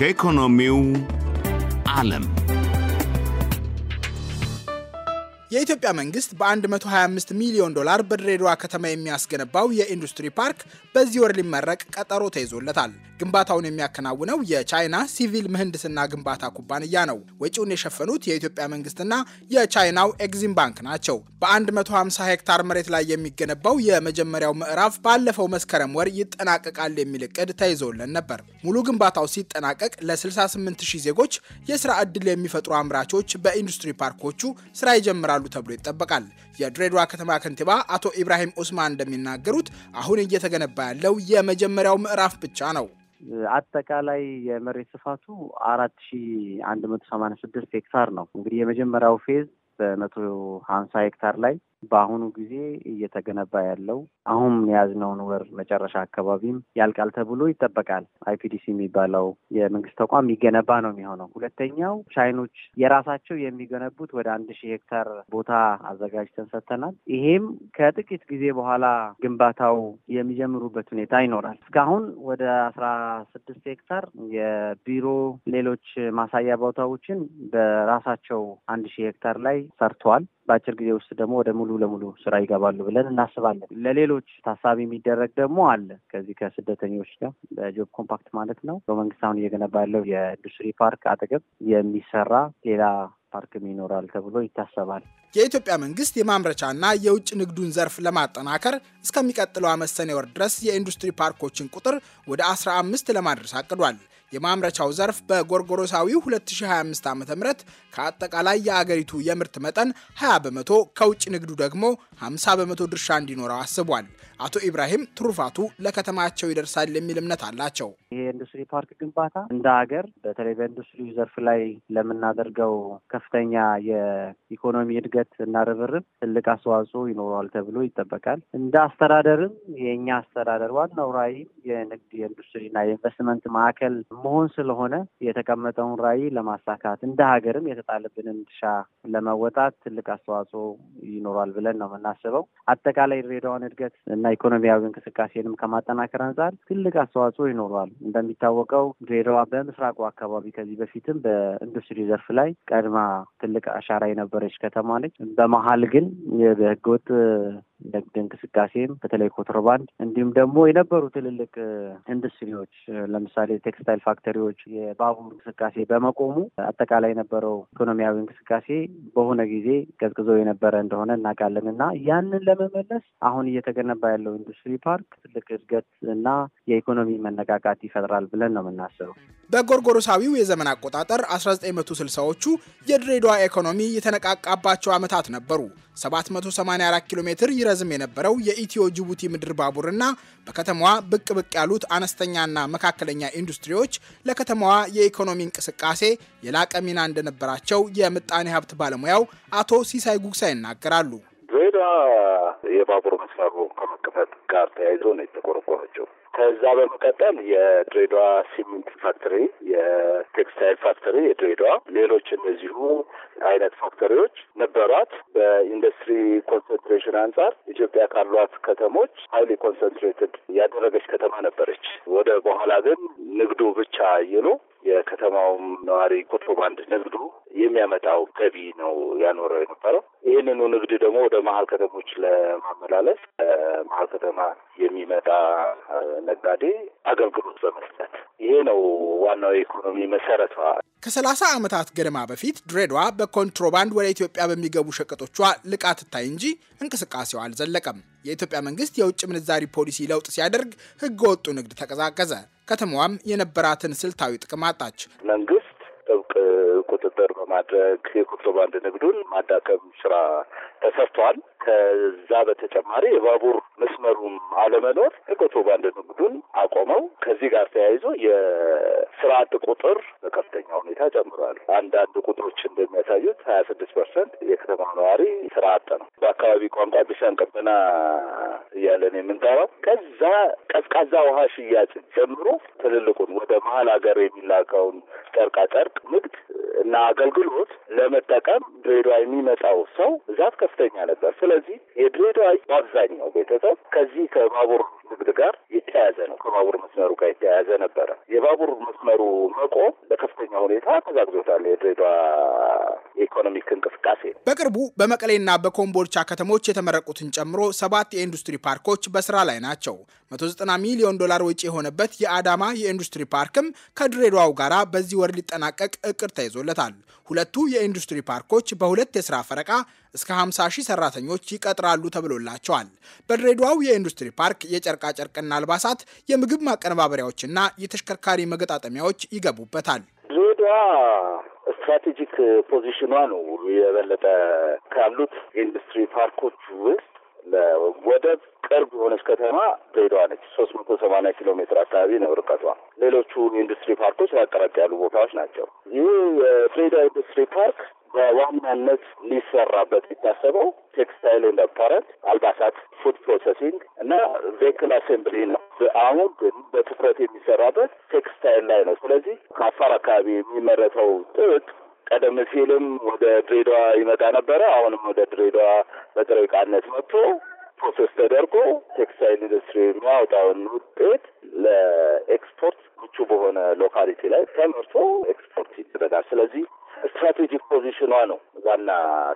ከኢኮኖሚው ዓለም የኢትዮጵያ መንግስት በ125 ሚሊዮን ዶላር በድሬዳዋ ከተማ የሚያስገነባው የኢንዱስትሪ ፓርክ በዚህ ወር ሊመረቅ ቀጠሮ ተይዞለታል። ግንባታውን የሚያከናውነው የቻይና ሲቪል ምህንድስና ግንባታ ኩባንያ ነው። ወጪውን የሸፈኑት የኢትዮጵያ መንግስትና የቻይናው ኤግዚም ባንክ ናቸው። በ150 ሄክታር መሬት ላይ የሚገነባው የመጀመሪያው ምዕራፍ ባለፈው መስከረም ወር ይጠናቀቃል የሚል እቅድ ተይዞለን ነበር። ሙሉ ግንባታው ሲጠናቀቅ ለ68 ሺህ ዜጎች የስራ ዕድል የሚፈጥሩ አምራቾች በኢንዱስትሪ ፓርኮቹ ስራ ይጀምራሉ ተብሎ ይጠበቃል። የድሬዳዋ ከተማ ከንቲባ አቶ ኢብራሂም ኡስማን እንደሚናገሩት አሁን እየተገነባ ያለው የመጀመሪያው ምዕራፍ ብቻ ነው። አጠቃላይ የመሬት ስፋቱ አራት ሺ አንድ መቶ ሰማንያ ስድስት ሄክታር ነው። እንግዲህ የመጀመሪያው ፌዝ በመቶ ሀምሳ ሄክታር ላይ በአሁኑ ጊዜ እየተገነባ ያለው አሁን የያዝነውን ወር መጨረሻ አካባቢም ያልቃል ተብሎ ይጠበቃል። አይፒዲሲ የሚባለው የመንግስት ተቋም የሚገነባ ነው የሚሆነው። ሁለተኛው ቻይኖች የራሳቸው የሚገነቡት ወደ አንድ ሺህ ሄክታር ቦታ አዘጋጅተን ሰጥተናል። ይሄም ከጥቂት ጊዜ በኋላ ግንባታው የሚጀምሩበት ሁኔታ ይኖራል። እስካሁን ወደ አስራ ስድስት ሄክታር የቢሮ ሌሎች ማሳያ ቦታዎችን በራሳቸው አንድ ሺህ ሄክታር ላይ ሰርተዋል። በአጭር ጊዜ ውስጥ ደግሞ ወደ ሙሉ ለሙሉ ስራ ይገባሉ ብለን እናስባለን። ለሌሎች ታሳቢ የሚደረግ ደግሞ አለ ከዚህ ከስደተኞች ጋር በጆብ ኮምፓክት ማለት ነው። በመንግስት አሁን እየገነባ ያለው የኢንዱስትሪ ፓርክ አጠገብ የሚሰራ ሌላ ፓርክም ይኖራል ተብሎ ይታሰባል። የኢትዮጵያ መንግስት የማምረቻና የውጭ ንግዱን ዘርፍ ለማጠናከር እስከሚቀጥለው ዓመት ሰኔ ወር ድረስ የኢንዱስትሪ ፓርኮችን ቁጥር ወደ 15 ለማድረስ አቅዷል። የማምረቻው ዘርፍ በጎርጎሮሳዊ 2025 ዓ ም ከአጠቃላይ የአገሪቱ የምርት መጠን 20 በመቶ ከውጭ ንግዱ ደግሞ 50 በመቶ ድርሻ እንዲኖረው አስቧል። አቶ ኢብራሂም ትሩፋቱ ለከተማቸው ይደርሳል የሚል እምነት አላቸው። የኢንዱስትሪ ፓርክ ግንባታ እንደ ሀገር በተለይ በኢንዱስትሪ ዘርፍ ላይ ለምናደርገው ከፍተኛ የኢኮኖሚ እድገት ሂደት እና ርብርብ ትልቅ አስተዋጽኦ ይኖረዋል ተብሎ ይጠበቃል። እንደ አስተዳደርም የእኛ አስተዳደር ዋናው ራይ የንግድ የኢንዱስትሪና የኢንቨስትመንት ማዕከል መሆን ስለሆነ የተቀመጠውን ራዕይ ለማሳካት እንደ ሀገርም የተጣለብንን ድርሻ ለመወጣት ትልቅ አስተዋጽኦ ይኖሯል ብለን ነው የምናስበው። አጠቃላይ ድሬዳዋን እድገት እና ኢኮኖሚያዊ እንቅስቃሴንም ከማጠናከር አንጻር ትልቅ አስተዋጽኦ ይኖረዋል። እንደሚታወቀው ድሬዳዋ በምስራቁ አካባቢ ከዚህ በፊትም በኢንዱስትሪ ዘርፍ ላይ ቀድማ ትልቅ አሻራ የነበረች ከተማ ነች። በመሀል ግን በህገወጥ ንግድ እንቅስቃሴም በተለይ ኮንትሮባንድ እንዲሁም ደግሞ የነበሩ ትልልቅ ኢንዱስትሪዎች ለምሳሌ ቴክስታይል ፋክተሪዎች፣ የባቡር እንቅስቃሴ በመቆሙ አጠቃላይ የነበረው ኢኮኖሚያዊ እንቅስቃሴ በሆነ ጊዜ ቀዝቅዞ የነበረ እንደሆነ እናውቃለን እና ያንን ለመመለስ አሁን እየተገነባ ያለው ኢንዱስትሪ ፓርክ ትልቅ እድገት እና የኢኮኖሚ መነቃቃት ይፈጥራል ብለን ነው የምናስበው። በጎርጎሮሳዊው የዘመን አቆጣጠር 1960ዎቹ የድሬዳዋ ኢኮኖሚ የተነቃቃባቸው ዓመታት ነበሩ። 784 ኪሎ ሜትር ይረዝም የነበረው የኢትዮ ጅቡቲ ምድር ባቡርና በከተማዋ ብቅ ብቅ ያሉት አነስተኛና መካከለኛ ኢንዱስትሪዎች ለከተማዋ የኢኮኖሚ እንቅስቃሴ የላቀ ሚና እንደነበራቸው የምጣኔ ሀብት ባለሙያው አቶ ሲሳይ ጉግሳ ይናገራሉ። ድሬዳዋ የባቡር መስመሩ ከመከፈት ጋር ተያይዞ ነው የተቆረቆረችው። ከዛ በመቀጠል የድሬዳዋ ሲሚንት ፋክተሪ፣ የቴክስታይል ፋክተሪ የድሬዳዋ ሌሎች እነዚሁ አይነት ፋክተሪዎች ነበሯት። በኢንዱስትሪ ኮንሰንትሬሽን አንጻር ኢትዮጵያ ካሏት ከተሞች ሀይሊ ኮንሰንትሬትድ ያደረገች ከተማ ነበረች። ወደ በኋላ ግን ንግዱ ብቻ ይሉ የከተማውም ነዋሪ ኮንትሮባንድ ንግዱ የሚያመጣው ገቢ ነው ያኖረው የነበረው። ይህንኑ ንግድ ደግሞ ወደ መሀል ከተሞች ለማመላለስ መሀል ከተማ የሚመጣ ነጋዴ አገልግሎት በመስጠት ይሄ ነው ዋናው የኢኮኖሚ መሰረቷ። ከሰላሳ ዓመታት ገደማ በፊት ድሬዳዋ በኮንትሮባንድ ወደ ኢትዮጵያ በሚገቡ ሸቀጦቿ ልቃት ታይ እንጂ እንቅስቃሴው አልዘለቀም። የኢትዮጵያ መንግስት የውጭ ምንዛሪ ፖሊሲ ለውጥ ሲያደርግ ህገ ወጡ ንግድ ተቀዛቀዘ። ከተማዋም የነበራትን ስልታዊ ጥቅም አጣች። መንግስት ማድረግ የኮንትሮባንድ ንግዱን ማዳከም ስራ ተሰርቷል። ከዛ በተጨማሪ የባቡር መስመሩም አለመኖር የኮንትሮባንድ ንግዱን አቆመው። ከዚህ ጋር ተያይዞ የስራ አጥ ቁጥር በከፍተኛ ሁኔታ ጨምሯል። አንዳንድ ቁጥሮች እንደሚያሳዩት ሀያ ስድስት ፐርሰንት የከተማ ነዋሪ ስራ አጥ ነው። በአካባቢ ቋንቋ ቢሻን ቀበና እያለን የምንጠራው ከዛ ቀዝቃዛ ውሃ ሽያጭ ጀምሮ ትልልቁን ወደ መሀል ሀገር የሚላከውን ጨርቃጨርቅ ንግድ እና አገልግሎት ለመጠቀም ድሬዳዋ የሚመጣው ሰው ብዛት ከፍተኛ ነበር። ስለዚህ የድሬዳዋ በአብዛኛው ቤተሰብ ከዚህ ከባቡር ንግድ ጋር የተያያዘ ነው። ከባቡር መስመሩ ጋር የተያያዘ ነበረ። የባቡር መስመሩ መቆም በከፍተኛ ሁኔታ ተዛግዞታል የድሬዳዋ የኢኮኖሚክ እንቅስቃሴ። በቅርቡ በመቀሌና በኮምቦልቻ ከተሞች የተመረቁትን ጨምሮ ሰባት የኢንዱስትሪ ፓርኮች በስራ ላይ ናቸው። 190 ሚሊዮን ዶላር ወጪ የሆነበት የአዳማ የኢንዱስትሪ ፓርክም ከድሬዳዋው ጋር በዚህ ወር ሊጠናቀቅ እቅድ ተይዞለታል። ሁለቱ የኢንዱስትሪ ፓርኮች በሁለት የስራ ፈረቃ እስከ 50 ሺህ ሰራተኞች ይቀጥራሉ ተብሎላቸዋል። በድሬዳዋው የኢንዱስትሪ ፓርክ የጨርቃጨርቅና አልባሳት፣ የምግብ ማቀነባበሪያዎችና የተሽከርካሪ መገጣጠሚያዎች ይገቡበታል። ድሬዳዋ ስትራቴጂክ ፖዚሽኗ ነው የበለጠ ካሉት ኢንዱስትሪ ፓርኮች ውስጥ ለወደብ ቅርብ የሆነች ከተማ ድሬዳዋ ነች። ሶስት መቶ ሰማንያ ኪሎ ሜትር አካባቢ ነው ርቀቷ። ሌሎቹ ኢንዱስትሪ ፓርኮች ራቅ ራቅ ያሉ ቦታዎች ናቸው። ይህ የድሬዳዋ ኢንዱስትሪ ፓርክ በዋናነት ሊሰራበት የታሰበው ቴክስታይል ኤንድ አልባሳት፣ ፉድ ፕሮሰሲንግ እና ቬክል አሴምብሊ ነው። አሁን በትኩረት የሚሰራበት ቴክስታይል ላይ ነው። ስለዚህ ከአፋር አካባቢ የሚመረተው ጥጥ ቀደም ሲልም ወደ ድሬዳዋ ይመጣ ነበረ። አሁንም ወደ ድሬዳዋ በጥሬ ዕቃነት መጥቶ ፕሮሰስ ተደርጎ ቴክስታይል ኢንዱስትሪ የሚያወጣውን ውጤት ለኤክስፖርት ምቹ በሆነ ሎካሊቲ ላይ ተመርቶ ኤክስፖርት ይደረጋል። ስለዚህ ስትራቴጂክ ፖዚሽኗ ነው ዋና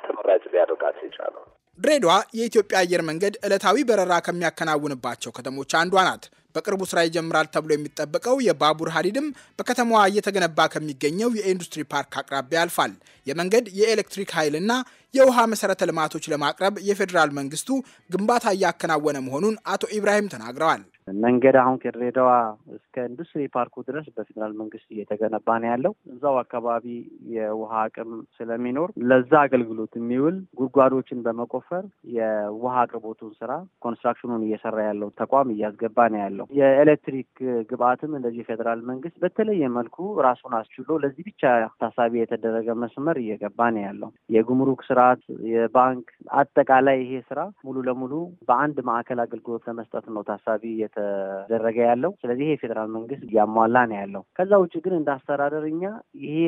ተመራጭ ሊያደርጋት የቻለው። ድሬዳዋ የኢትዮጵያ አየር መንገድ ዕለታዊ በረራ ከሚያከናውንባቸው ከተሞች አንዷ ናት። በቅርቡ ስራ ይጀምራል ተብሎ የሚጠበቀው የባቡር ሀዲድም በከተማዋ እየተገነባ ከሚገኘው የኢንዱስትሪ ፓርክ አቅራቢያ ያልፋል። የመንገድ የኤሌክትሪክ ኃይልና የውሃ መሰረተ ልማቶች ለማቅረብ የፌዴራል መንግስቱ ግንባታ እያከናወነ መሆኑን አቶ ኢብራሂም ተናግረዋል። መንገድ አሁን ከድሬዳዋ እስከ ኢንዱስትሪ ፓርኩ ድረስ በፌዴራል መንግስት እየተገነባ ነው ያለው። እዛው አካባቢ የውሃ አቅም ስለሚኖር ለዛ አገልግሎት የሚውል ጉድጓዶችን በመቆፈር የውሃ አቅርቦቱን ስራ ኮንስትራክሽኑን እየሰራ ያለው ተቋም እያስገባ ነው ያለው። የኤሌክትሪክ ግብአትም እንደዚህ የፌዴራል መንግስት በተለየ መልኩ ራሱን አስችሎ ለዚህ ብቻ ታሳቢ የተደረገ መስመር እየገባ ነው ያለው። የጉምሩክ ስርዓት፣ የባንክ አጠቃላይ ይሄ ስራ ሙሉ ለሙሉ በአንድ ማዕከል አገልግሎት ለመስጠት ነው ታሳቢ እየተደረገ ያለው። ስለዚህ ይሄ ፌዴራል መንግስት እያሟላ ነው ያለው። ከዛ ውጭ ግን እንደ አስተዳደር እኛ ይሄ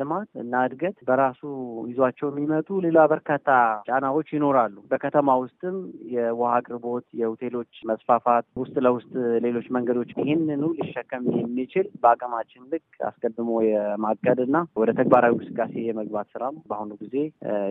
ልማት እና እድገት በራሱ ይዟቸው የሚመጡ ሌላ በርካታ ጫናዎች ይኖራሉ። በከተማ ውስጥም የውሃ አቅርቦት፣ የሆቴሎች መስፋፋት፣ ውስጥ ለውስጥ ሌሎች መንገዶች ይህንኑ ሊሸከም የሚችል በአቅማችን ልክ አስቀድሞ የማቀድ እና ወደ ተግባራዊ እንቅስቃሴ የመግባት ስራም በአሁኑ ጊዜ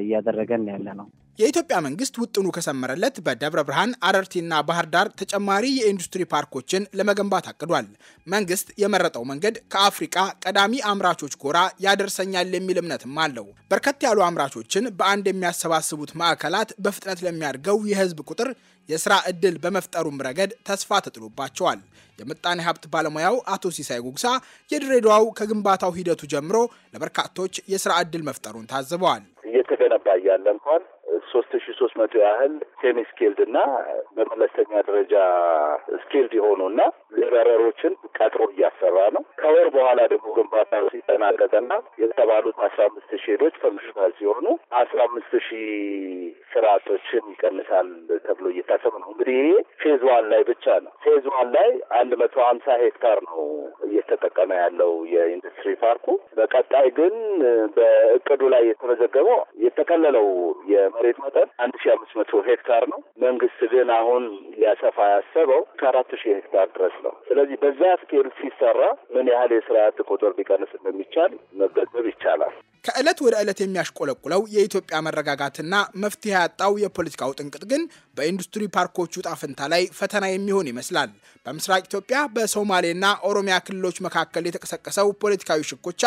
እያደረገን ያለ ነው። የኢትዮጵያ መንግስት ውጥኑ ከሰመረለት በደብረ ብርሃን፣ አረርቲና ባህር ዳር ተጨማሪ የኢንዱስትሪ ፓርኮችን ለመገንባት አቅዷል። መንግስት የመረጠው መንገድ ከአፍሪቃ ቀዳሚ አምራቾች ጎራ ያደርሰኛል የሚል እምነትም አለው። በርከት ያሉ አምራቾችን በአንድ የሚያሰባስቡት ማዕከላት በፍጥነት ለሚያድገው የህዝብ ቁጥር የስራ እድል በመፍጠሩም ረገድ ተስፋ ተጥሎባቸዋል። የምጣኔ ሀብት ባለሙያው አቶ ሲሳይ ጉግሳ የድሬዳዋው ከግንባታው ሂደቱ ጀምሮ ለበርካቶች የስራ እድል መፍጠሩን ታዝበዋል። እየተገነባ እያለ እንኳን ሶስት ሺ ሶስት መቶ ያህል ሴሚ ስኬልድ እና መመለስተኛ ደረጃ ስኬልድ የሆኑ እና ሌበረሮችን ቀጥሮ እያሰራ ነው። ከወር በኋላ ደግሞ ግንባታ ሲጠናቀቀና የተባሉት አስራ አምስት ሺ ሄዶች ፈንክሽናል ሲሆኑ አስራ አምስት ሺ ስርዓቶችን ይቀንሳል ተብሎ እየታሰብ ነው። እንግዲህ ይሄ ፌዝ ዋን ላይ ብቻ ነው። ፌዝ ዋን ላይ አንድ መቶ ሀምሳ ሄክታር ነው እየተጠቀመ ያለው የኢንዱስትሪ ፓርኩ። በቀጣይ ግን በእቅዱ ላይ የተመዘገበው የተከለለው የመሬት መጠን አንድ ሺ አምስት መቶ ሄክታር ነው። መንግስት ግን አሁን ሊያሰፋ ያሰበው ከአራት ሺህ ሄክታር ድረስ ነው። ስለዚህ በዛ ስኬል ሲሰራ ምን ያህል የስራ አጥ ቁጥር ሊቀንስ እንደሚቻል መገንዘብ ይቻላል። ከዕለት ወደ ዕለት የሚያሽቆለቁለው የኢትዮጵያ መረጋጋትና መፍትሄ ያጣው የፖለቲካው ውጥንቅጥ ግን በኢንዱስትሪ ፓርኮቹ ጣፍንታ ላይ ፈተና የሚሆን ይመስላል። በምስራቅ ኢትዮጵያ በሶማሌና ኦሮሚያ ክልሎች መካከል የተቀሰቀሰው ፖለቲካዊ ሽኩቻ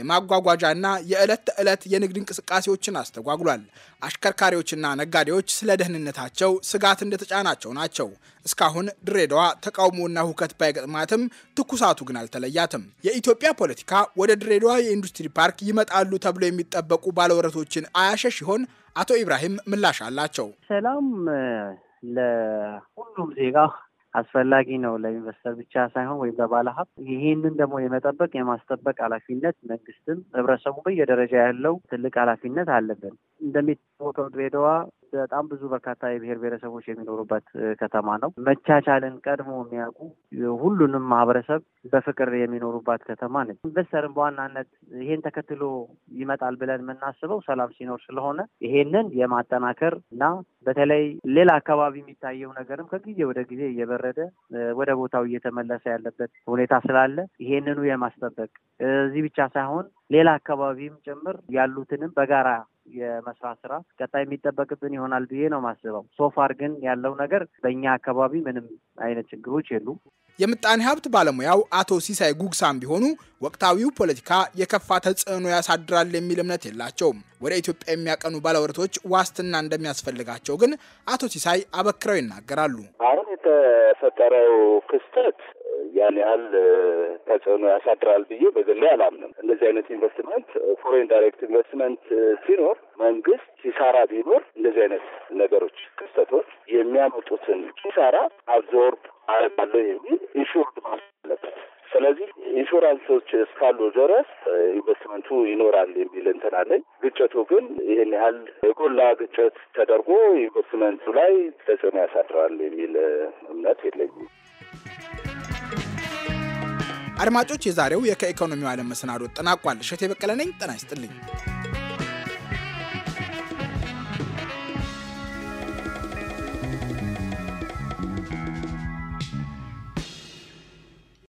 የማጓጓዣና የዕለት ተዕለት የንግድ እንቅስቃሴዎችን አስተጓጉሏል። አሽከርካሪዎችና ነጋዴዎች ስለ ደህንነታቸው ስጋት እንደተጫናቸው ናቸው። እስካሁን ድሬዳዋ ተቃውሞና ሁከት ባይገጥማትም ትኩሳቱ ግን አልተለያትም። የኢትዮጵያ ፖለቲካ ወደ ድሬዳዋ የኢንዱስትሪ ፓርክ ይመጣሉ ተብሎ የሚጠበቁ ባለወረቶችን አያሸሽ ይሆን? አቶ ኢብራሂም ምላሽ አላቸው። ሰላም ለሁሉም ዜጋ አስፈላጊ ነው ለኢንቨስተር ብቻ ሳይሆን ወይም ለባለ ይህንን ደግሞ የመጠበቅ የማስጠበቅ ኃላፊነት መንግስትም ህብረተሰቡ በየደረጃ ያለው ትልቅ ኃላፊነት አለብን። እንደሚታወቀው ድሬዳዋ በጣም ብዙ በርካታ የብሔር ብሔረሰቦች የሚኖሩበት ከተማ ነው። መቻቻልን ቀድሞ የሚያውቁ ሁሉንም ማህበረሰብ በፍቅር የሚኖሩባት ከተማ ነች። ኢንቨስተርን በዋናነት ይሄን ተከትሎ ይመጣል ብለን የምናስበው ሰላም ሲኖር ስለሆነ ይሄንን የማጠናከር እና በተለይ ሌላ አካባቢ የሚታየው ነገርም ከጊዜ ወደ ጊዜ እየበረደ ወደ ቦታው እየተመለሰ ያለበት ሁኔታ ስላለ ይሄንኑ የማስጠበቅ እዚህ ብቻ ሳይሆን ሌላ አካባቢም ጭምር ያሉትንም በጋራ የመስራት ስራ ቀጣይ የሚጠበቅብን ይሆናል ብዬ ነው ማስበው። ሶፋር ግን ያለው ነገር በእኛ አካባቢ ምንም አይነት ችግሮች የሉ። የምጣኔ ሀብት ባለሙያው አቶ ሲሳይ ጉግሳም ቢሆኑ ወቅታዊው ፖለቲካ የከፋ ተጽዕኖ ያሳድራል የሚል እምነት የላቸውም። ወደ ኢትዮጵያ የሚያቀኑ ባለወረቶች ዋስትና እንደሚያስፈልጋቸው ግን አቶ ሲሳይ አበክረው ይናገራሉ። አሁን የተፈጠረው ክስተት ያን ያህል ተጽዕኖ ያሳድራል ብዬ በግሌ አላምንም። እንደዚህ አይነት ኢንቨስትመንት ፎሬን ዳይሬክት ኢንቨስትመንት ሲኖር መንግስት ሲሳራ ቢኖር እንደዚህ አይነት ነገሮች ክስተቶች የሚያመጡትን ሲሳራ አብዞርብ አለ የሚል ኢንሹርድ ማለበት ስለዚህ ኢንሹራንሶች እስካሉ ድረስ ኢንቨስትመንቱ ይኖራል የሚል እንትን አለኝ። ግጭቱ ግን ይህን ያህል የጎላ ግጭት ተደርጎ ኢንቨስትመንቱ ላይ ተጽዕኖ ያሳድራል የሚል እምነት የለኝም። አድማጮች፣ የዛሬው የከኢኮኖሚው ዓለም መሰናዶ ጠናቋል። እሸቴ በቀለ ነኝ። ጤና ይስጥልኝ።